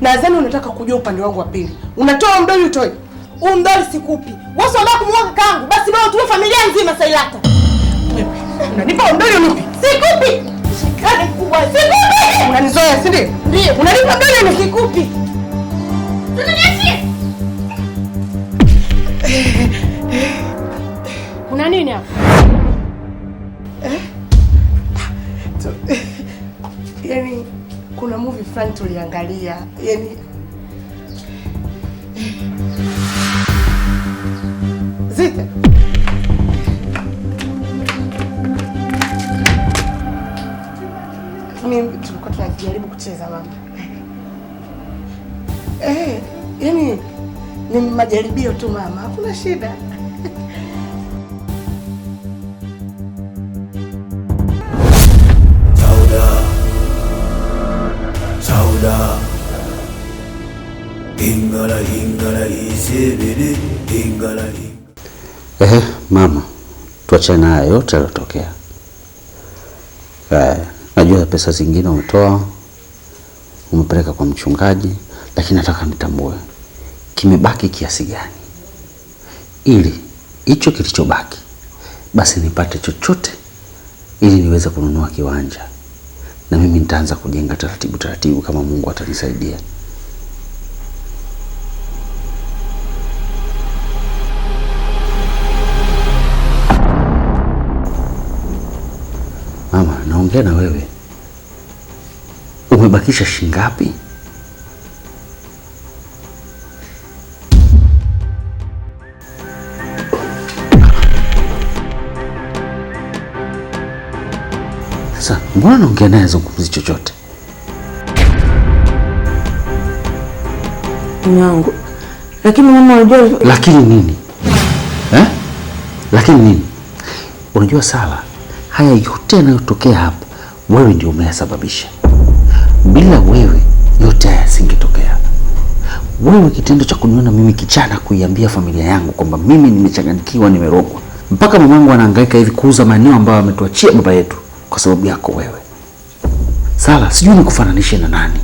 Nadhani unataka kujua upande wangu wa pili. Unatoa mdoli utoe. Umdoli sikupi. Wewe sio ndio kumwoa kakaangu. Basi bwana utuwe familia nzima sailata. Unanipa mdoli unipi? Sikupi. Shikani kubwa. Sikupi. Unanizoea si ndio? Ndio. Unanipa mdoli ni sikupi. Tunaniachi. Kuna nini hapa? Eh? Ah. Yaani kuna movie fulani tuliangalia, yani Zita mimi tulikuwa tunajaribu kucheza mama. Eh, yani ni majaribio tu mama, hakuna shida. ingala ingala ingala. Ehe, mama, tuachane na haya yote yalotokea. Najua pesa zingine umetoa umepeleka kwa mchungaji, lakini nataka nitambue kimebaki kiasi gani, ili hicho kilichobaki basi nipate chochote ili niweze kununua kiwanja na mimi nitaanza kujenga taratibu taratibu, kama Mungu atanisaidia. naongea na wewe, umebakisha shingapi? Sasa mbona naongea naye zungumzi chochote? Mwanangu, lakini mama, unajua... lakini nini eh? lakini nini unajua, Sala haya yote yanayotokea hapa, wewe ndio umeyasababisha. Bila wewe yote haya yasingetokea. Wewe kitendo cha kuniona mimi kichana kuiambia familia yangu kwamba mimi nimechanganyikiwa, nimerogwa, mpaka mamangu anahangaika hivi kuuza maeneo ambayo ametuachia baba yetu kwa sababu yako wewe. Sala, sijui nikufananishe na nani?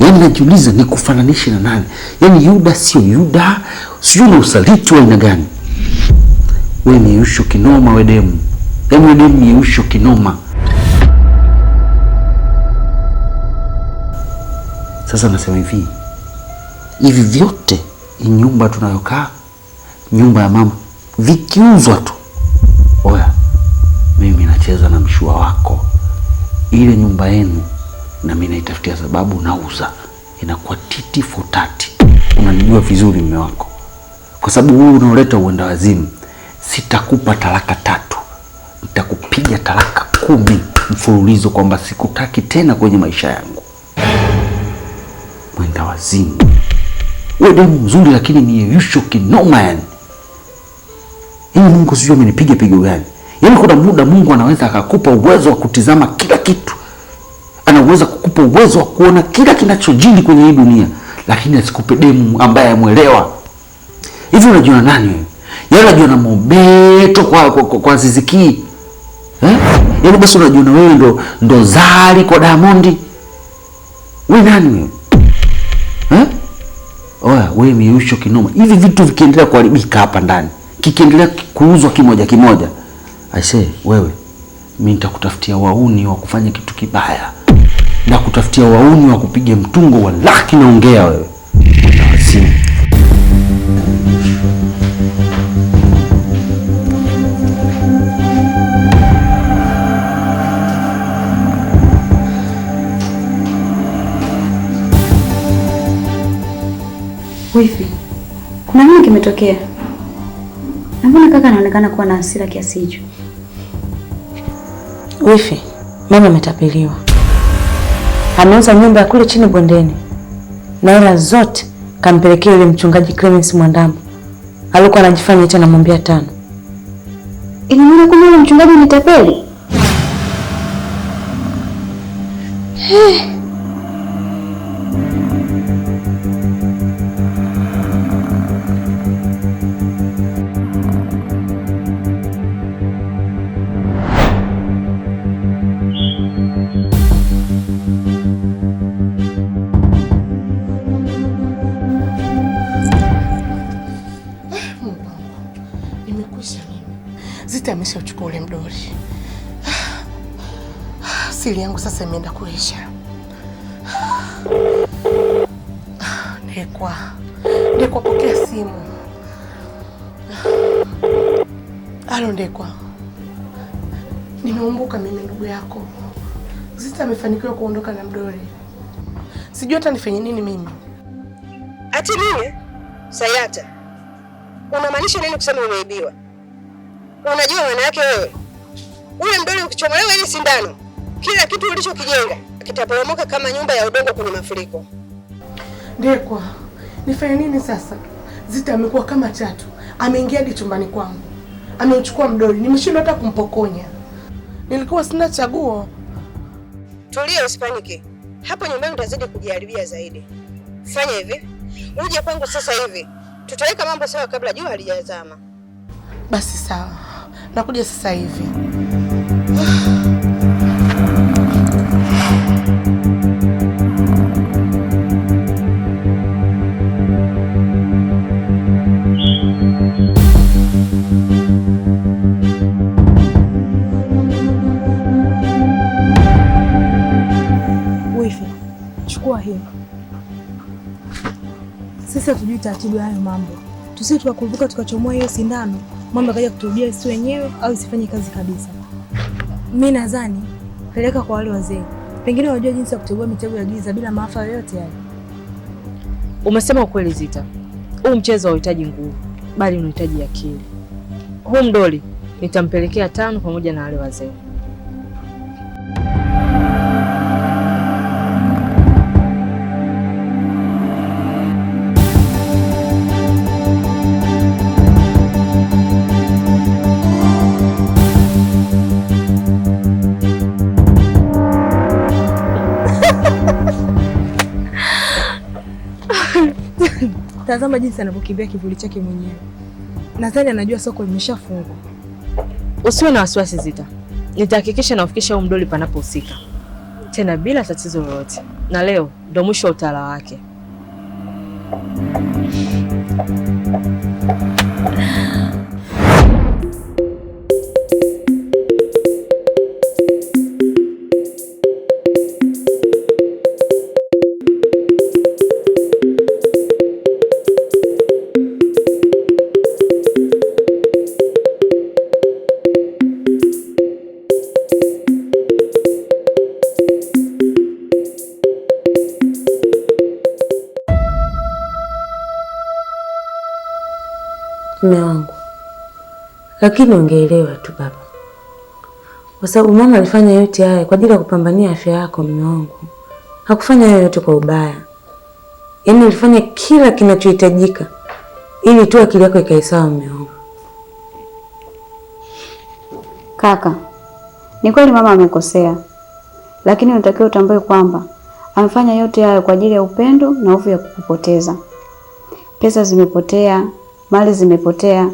Yaani najiuliza nikufananishe na nani? Yaani Yuda sio Yuda, sijui ni usaliti wa aina gani? Wewe ni yusho kinoma, wedemu yaani ni miusho kinoma. Sasa nasema hivi, hivi vyote ni nyumba tunayokaa, nyumba ya mama, vikiuzwa tu, oya, mimi nacheza na mshua wako. Ile nyumba yenu na mimi naitafutia sababu, nauza, inakuwa titi futati. Unanijua vizuri mme wako, kwa sababu wewe unaoleta uenda wazimu, sitakupa talaka tatu nitakupiga talaka kumi mfululizo kwamba sikutaki tena kwenye maisha yangu. Mwenda wazimu, wewe demu mzuri, lakini yeyusho kinoma. Yani hii yaani Mungu sijui amenipiga pigo gani? yani. kuna muda Mungu anaweza akakupa uwezo wa kutizama kila kitu, anaweza kukupa uwezo wa kuona kila kinachojili kwenye hii dunia, lakini asikupe demu ambaye amwelewa. Hivi unajiona nani wewe? Yeye yaani anajiona Mobeto kwa, kwa, kwa, kwa Zizikii eh? Yaani basi unajiona wewe ndo ndo zali kwa Diamond. Wewe nani eh? Oya, wewe miusho kinoma. Hivi vitu vikiendelea kuharibika hapa ndani, kikiendelea kuuzwa kimoja kimoja, I say wewe, mimi nitakutafutia wauni wa kufanya kitu kibaya, kutafutia wauni wa kupiga mtungo. laki naongea wewe Wifi, kuna nini kimetokea? Mbona kaka anaonekana kuwa na hasira kiasi hicho? Wifi, mama ametapeliwa, ameuza nyumba ya kule chini bondeni na hela zote kampelekea yule mchungaji Clemence Mwandambo alikuwa anajifanya eti namwambia tano. Ina maana kumbe yule mchungaji ametapeli? Hey. Eh, Asili yangu sasa imeenda kuisha. Ndekwa, Ndekwa, pokea simu. Halo Ndekwa, nimeumbuka mimi ndugu yako. Zita amefanikiwa kuondoka na Mdori. Sijui hata nifanye nini mimi. Ati nini? Sayata, unamaanisha nini kusema umeibiwa? Unajua maana yake wewe? Ule Mdori ukichomolewa ile sindano kila kitu ulichokijenga kitaporomoka kama nyumba ya udongo kwenye mafuriko. Dekwa, nifanye nini sasa? Zita amekuwa kama chatu, ameingia hadi chumbani kwangu, ameuchukua mdoli, nimeshindwa hata kumpokonya. Nilikuwa sina chaguo. Tulia, usipanike. Hapo nyumbani utazidi kujiharibia zaidi. Fanya hivi, uje kwangu sasa hivi, tutaweka mambo sawa kabla jua halijazama. Basi sawa, nakuja sasa hivi. tujui taratibu ya hayo mambo, tusie tukakumbuka tukachomoa hiyo sindano, mambo akaja kuturudia si wenyewe au isifanye kazi kabisa. Mi nadhani peleka kwa wale wazee, pengine wajua jinsi ya kutegua mitego ya giza bila maafa yoyote yale. Umesema ukweli Zita, huu mchezo hauhitaji nguvu, bali unahitaji akili. Huu mdoli nitampelekea tano pamoja na wale wazee. Tazama jinsi anavyokimbia kivuli chake mwenyewe. Nadhani anajua soko limeshafungwa. Usiwe na wasiwasi Zita, nitahakikisha nafikisha huu mdoli panapohusika, tena bila tatizo lolote, na leo ndo mwisho wa utawala wake. lakini ungeelewa tu baba, kwa sababu mama alifanya yote haya kwa ajili ya kupambania afya yako. Mume wangu hakufanya hayo yote kwa ubaya, yaani alifanya kila kinachohitajika ili tu akili yako ikae sawa. Mume wangu kaka, ni kweli mama amekosea, lakini unatakiwa utambue kwamba amefanya yote hayo kwa ajili ya upendo na hofu ya kukupoteza. Pesa zimepotea, mali zimepotea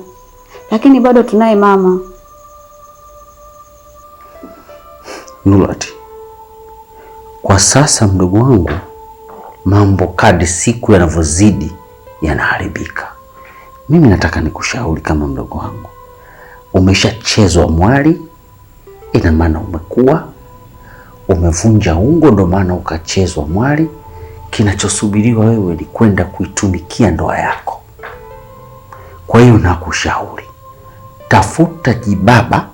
lakini bado tunaye mama Nulati. Kwa sasa mdogo wangu, mambo kadi siku yanavyozidi yanaharibika. Mimi nataka nikushauri kama mdogo wangu, umeshachezwa mwali, ina maana umekuwa umevunja ungo, ndo maana ukachezwa mwali. Kinachosubiriwa wewe ni kwenda kuitumikia ndoa yako. Kwa hiyo nakushauri tafuta jibaba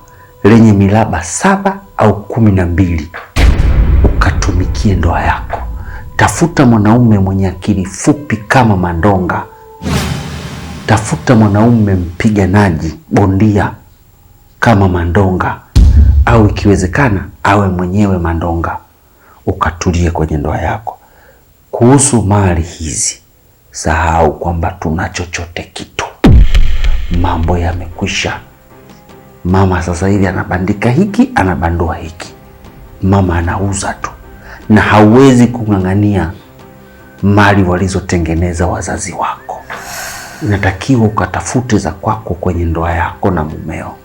lenye miraba saba au kumi na mbili ukatumikie ndoa yako. Tafuta mwanaume mwenye akili fupi kama Mandonga. Tafuta mwanaume mpiganaji bondia kama Mandonga, au ikiwezekana awe mwenyewe Mandonga, ukatulie kwenye ndoa yako. Kuhusu mali hizi, sahau kwamba tuna chochote kitu, mambo yamekwisha. Mama sasa hivi anabandika hiki, anabandua hiki, mama anauza tu, na hauwezi kung'ang'ania mali walizotengeneza wazazi wako. Inatakiwa ukatafute za kwako kwenye ndoa yako na mumeo.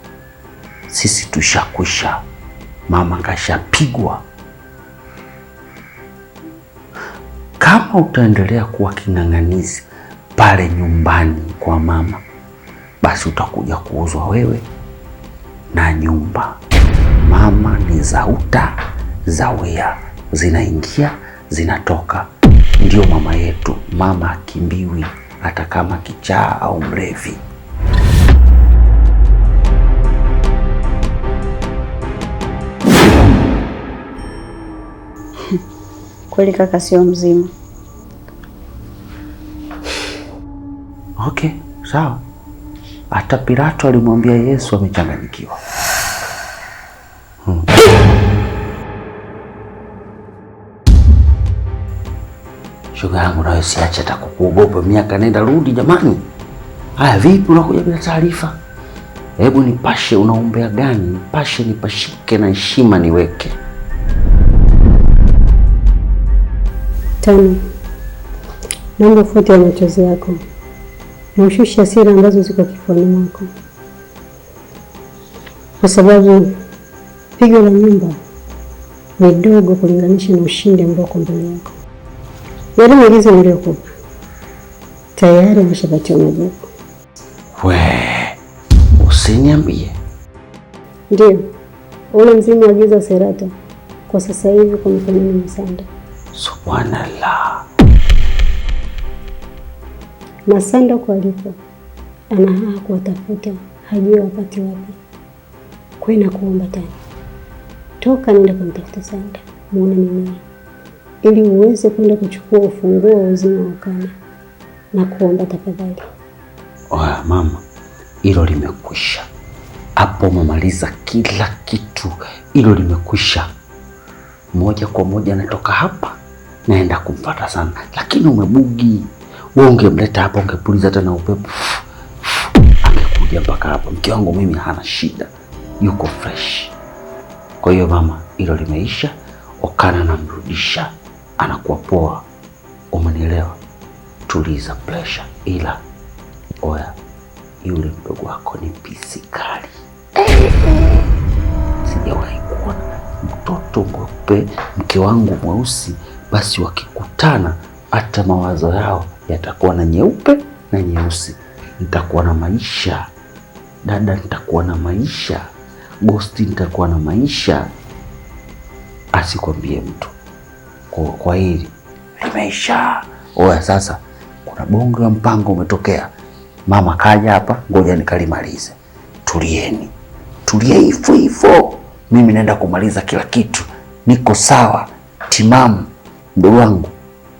Sisi tushakwisha, mama kashapigwa. Kama utaendelea kuwa king'ang'anizi pale nyumbani kwa mama, basi utakuja kuuzwa wewe na nyumba. Mama ni zauta zawia, zinaingia zinatoka. Ndio mama yetu. Mama akimbiwi hata kama kichaa au mrevi Kweli kaka, sio mzima. Okay, sawa. Hata Pilato alimwambia Yesu amechanganyikiwa. hmm. Shoga yangu nawe siache hata kukuogopa, miaka nenda rudi. Jamani, haya vipi, unakuja bila taarifa? Hebu nipashe, unaombea gani? Nipashe, nipashike na heshima niweke Tani, Naomba futi ya machozi yako na asira hasira ambazo ziko kifuani mwako, kwa sababu pigo la nyumba ni dogo kulinganisha na ushindi ambao uko mbele yako. Yale yaani maagizo niliyokupa tayari ameshapatiwa majibu. We usiniambie! Ndio ule mzimu wa giza Serata kwa sasa hivi kumefanyia Msanda. Subhanallah na Sandok alipo anahaa kuwatafuta, hajue wapati wapi. Kwa kuomba tani toka nenda kumtafuta Sanda, muone ni nini, ili uweze kwenda kuchukua ufunguo wa uzima wa Kana. kuomba tafadhali. Oya mama, hilo limekwisha hapo, umemaliza kila kitu, hilo limekwisha moja kwa moja. Natoka hapa naenda kumfata Sanda, lakini umebugi wewe ungemleta hapa, ungepuliza hata na upepo angekuja mpaka hapa. Mke wangu mimi hana shida, yuko fresh. Kwa hiyo mama, hilo limeisha. Okana namrudisha, anakuwa poa, umenielewa? Tuliza pressure, ila oya, yule mdogo wako ni pisi kali, sijawahi kuona mtoto mweupe mke wangu mweusi. Basi wakikutana hata mawazo yao yatakuwa na nyeupe na nyeusi. Nitakuwa na maisha dada, nitakuwa na maisha Gosti, nitakuwa na maisha. Asikwambie mtu kwa, kwa hili nimeisha. Oya, sasa kuna bonge la mpango umetokea. Mama kaja hapa, ngoja nikalimalize. Tulieni, tulie hivyo hivyo, mimi naenda kumaliza kila kitu. Niko sawa, timamu, mdogo wangu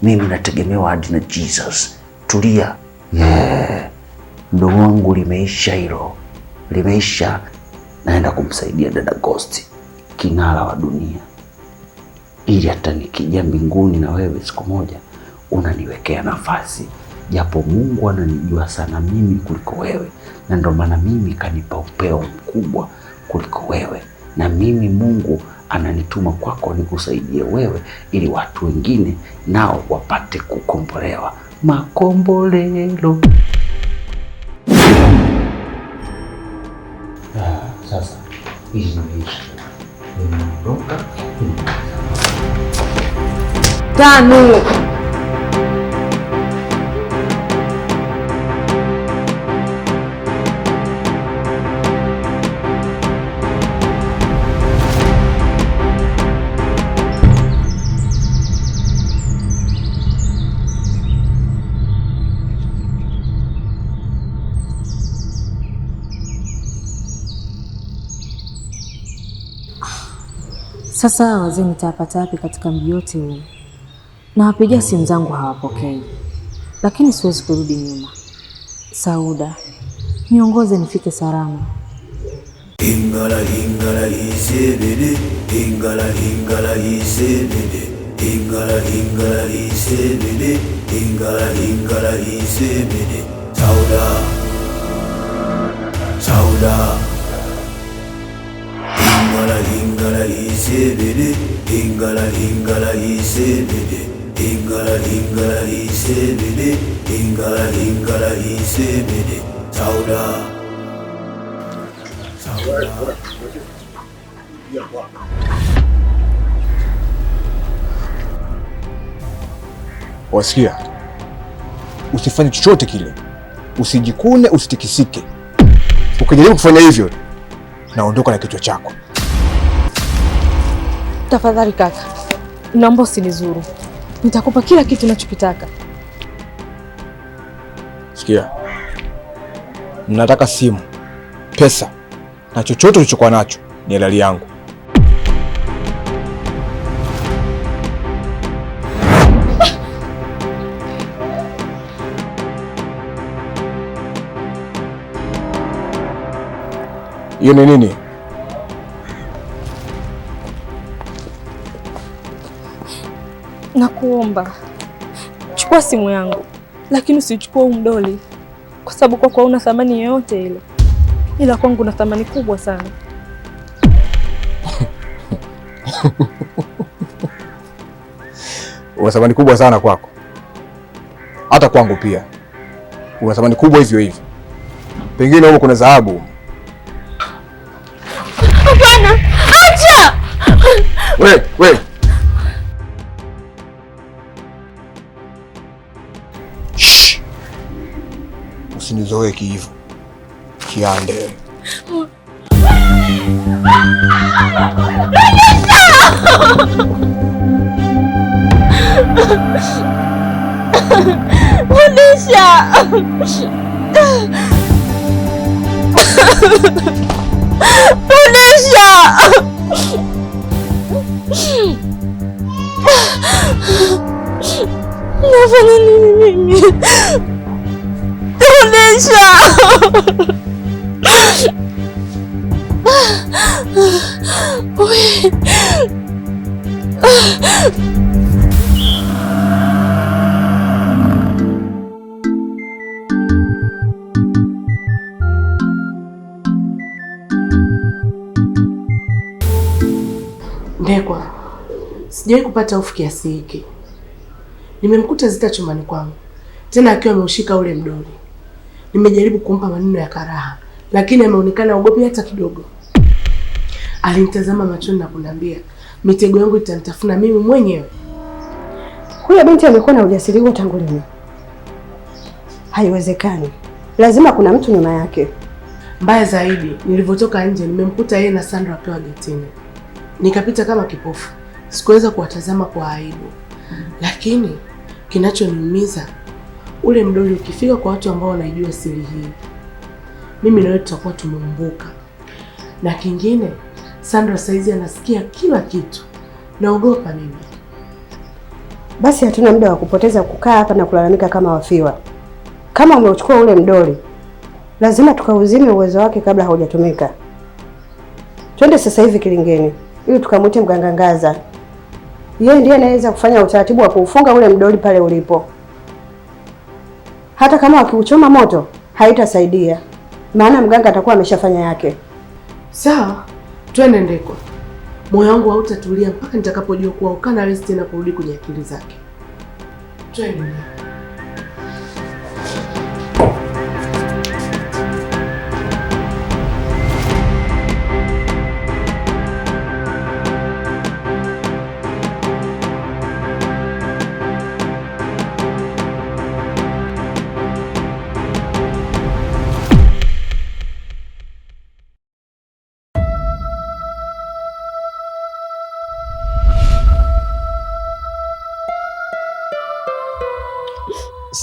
mimi nategemewa hadi na Jesus. Tulia, yeah. Mdomo wangu limeisha hilo, limeisha. Naenda kumsaidia dada Ghost, kinara wa dunia, ili hata nikija mbinguni na wewe siku moja unaniwekea nafasi, japo Mungu ananijua sana mimi kuliko wewe, na ndio maana mimi kanipa upeo mkubwa kuliko wewe na mimi Mungu ananituma kwako nikusaidie wewe, ili watu wengine nao wapate kukombolewa. Makombolelo. Ah, sasa tano Sasa wazee nitapata wapi katika mji wote huu? Nawapigia simu zangu hawapokei, lakini siwezi kurudi nyuma. Sauda, niongoze nifike salama. Ingala ingala isebede ingala ingala isebede ingala ingala isebede ingala ingala isebede Sauda Sauda hisebele ingala ingala isebede ingala ingala isebede ingala ingala isebede sauda Wasikia, usifanye chochote kile, usijikune, usitikisike. Ukijaribu kufanya hivyo, naondoka na kichwa chako. Tafadhali kaka, naomba usinizuru, nitakupa kila kitu unachokitaka. Sikia, nataka simu, pesa na chochote ulichokuwa nacho, ni halali yangu. Hiyo ni nini? Nakuomba chukua simu yangu, lakini usichukua umdoli, kwa sababu kwako hauna thamani yoyote ile, ila kwangu na thamani kubwa sana. una thamani kubwa sana kwako, hata kwangu pia una thamani kubwa hivyo hivyo. Pengine huko kuna dhahabu. Hapana, acha zoeki hivyo kiande. Fundisha. Fundisha. Nafanya nini mimi? Ndekwa, sijawahi kupata hofu kiasi hiki. Nimemkuta Zita chumbani kwangu, tena akiwa ameushika ule mdoli. Nimejaribu kumpa maneno ya karaha, lakini ameonekana ogopi hata kidogo. Alinitazama machoni na kuniambia, mitego yangu itanitafuna mimi mwenyewe. Huyo binti amekuwa na ujasiri huo tangu lini? Haiwezekani, lazima kuna mtu nyuma yake. Mbaya zaidi, nilivyotoka nje nimemkuta yeye na Sandra wakiwa getini. Nikapita kama kipofu, sikuweza kuwatazama kwa aibu, lakini kinachoniumiza ule mdoli ukifika kwa watu ambao wanaijua siri hii, mimi na wewe tutakuwa tumeumbuka. Na kingine, Sandra saizi anasikia kila kitu, naogopa mimi. Basi hatuna muda wa kupoteza kukaa hapa na kulalamika kama wafiwa. Kama umeuchukua ule mdoli, lazima tukauzime uwezo wake kabla haujatumika. Twende sasa hivi Kilingeni ili tukamwite mganga Ngaza. Yeye ndiye anaweza kufanya utaratibu wa kuufunga ule mdoli pale ulipo hata kama wakiuchoma moto haitasaidia, maana mganga atakuwa ameshafanya yake. Sawa, twende Ndekwa. Moyo wangu hautatulia mpaka nitakapojua kuwa ukana hawezi tena kurudi kwenye akili zake. Twende.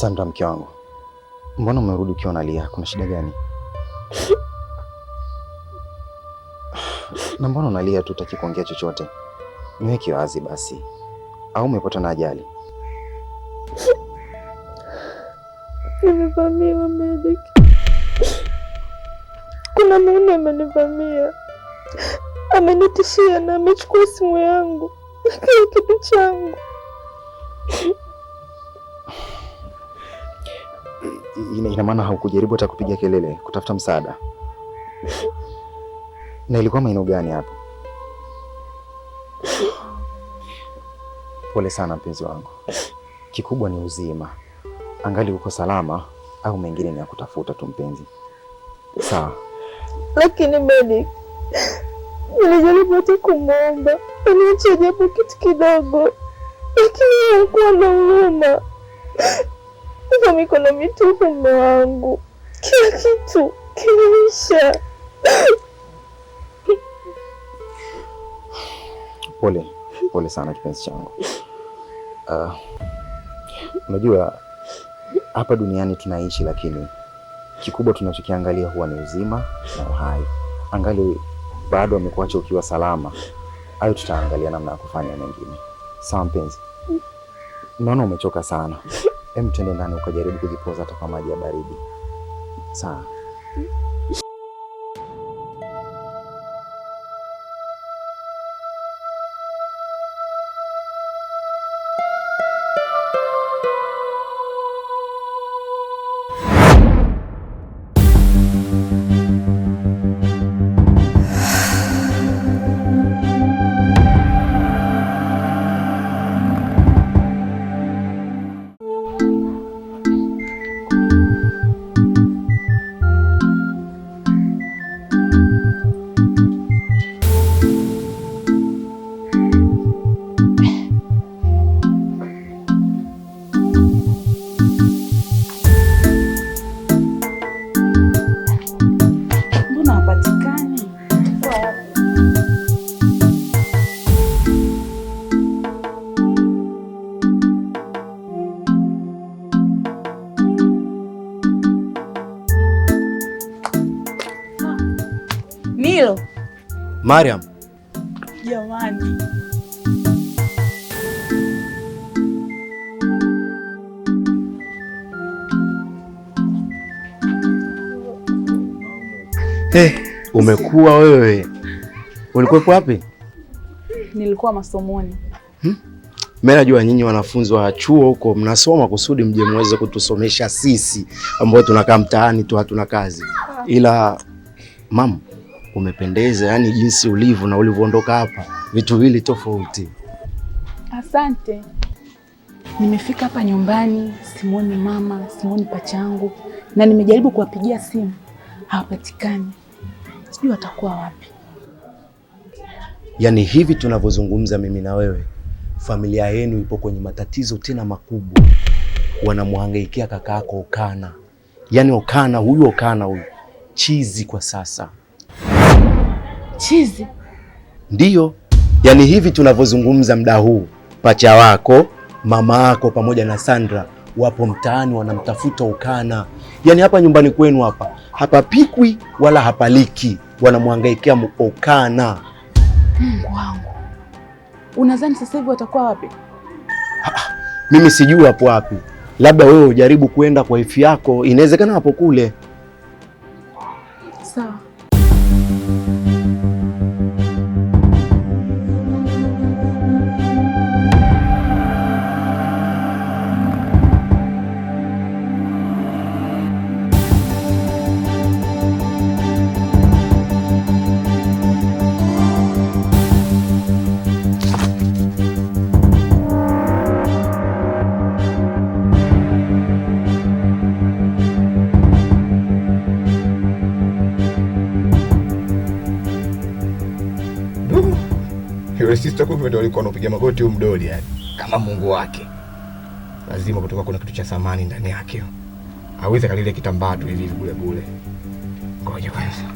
Sandra, mke wangu, mbona umerudi ukiwa unalia? Kuna shida gani? na mbona unalia tu, utaki kuongea chochote? Niweke wazi basi, au umepata na ajali? Nimevamiwa medic, kuna mume amenivamia, amenitishia na amechukua simu yangu na kila kitu changu ina maana haukujaribu hata kupiga kelele kutafuta msaada? na ilikuwa maeneo gani hapo? Pole sana mpenzi wangu, kikubwa ni uzima. Angali uko salama, au mengine ni ya kutafuta tu mpenzi. Sawa, lakini Medik, nilijaribu hata kumwomba aniache japo kitu kidogo, lakini hakuwa na huruma kwa mikono mitupu mume wangu, kila kitu kinaisha. Pole pole sana kipenzi changu. Uh, unajua hapa duniani tunaishi, lakini kikubwa tunachokiangalia huwa ni uzima na uhai. Angali bado amekuacha ukiwa salama, hayo tutaangalia namna ya kufanya mengine. Sawa mpenzi, naona umechoka sana Hem, tuende ndani ukajaribu kujipoza hata kwa maji ya baridi. Sawa. Hmm? Mariam, jamani, eh, umekuwa wewe. Ulikuwepo wapi? Nilikuwa masomoni. Hmm? Mimi najua nyinyi wanafunzi wa chuo huko mnasoma kusudi mje muweze kutusomesha sisi ambao tunakaa mtaani tu hatuna kazi, ila mama umependeza, yani jinsi ulivyo na ulivyoondoka hapa, vitu vili tofauti. Asante. Nimefika hapa nyumbani, simuoni mama, simuoni pacha yangu, na nimejaribu kuwapigia simu hawapatikani, sijui watakuwa wapi. Yaani hivi tunavyozungumza mimi na wewe, familia yenu ipo kwenye matatizo tena makubwa, wanamhangaikia kakaako Okana, yaani Okana huyu, Okana huyu chizi kwa sasa chizi? Ndiyo, yaani hivi tunavyozungumza mda huu pacha wako mama yako pamoja na Sandra wapo mtaani wanamtafuta ukana. Yaani hapa nyumbani kwenu hapa hapapikwi wala hapaliki, wanamwangaikia ukana. Mungu wangu, unadhani sasa hivi watakuwa wapi? mimi sijui wapo wapi, labda wewe ujaribu kuenda kwa ifi yako, inawezekana hapo kule. Mr. Kuku ndio alikuwa anapiga magoti huyo mdoli yani. Kama Mungu wake. Lazima kutoka kuna kitu cha thamani ndani yake. Hawezi kalile kitambaa tu hivi bure bure. Ngoja kwanza.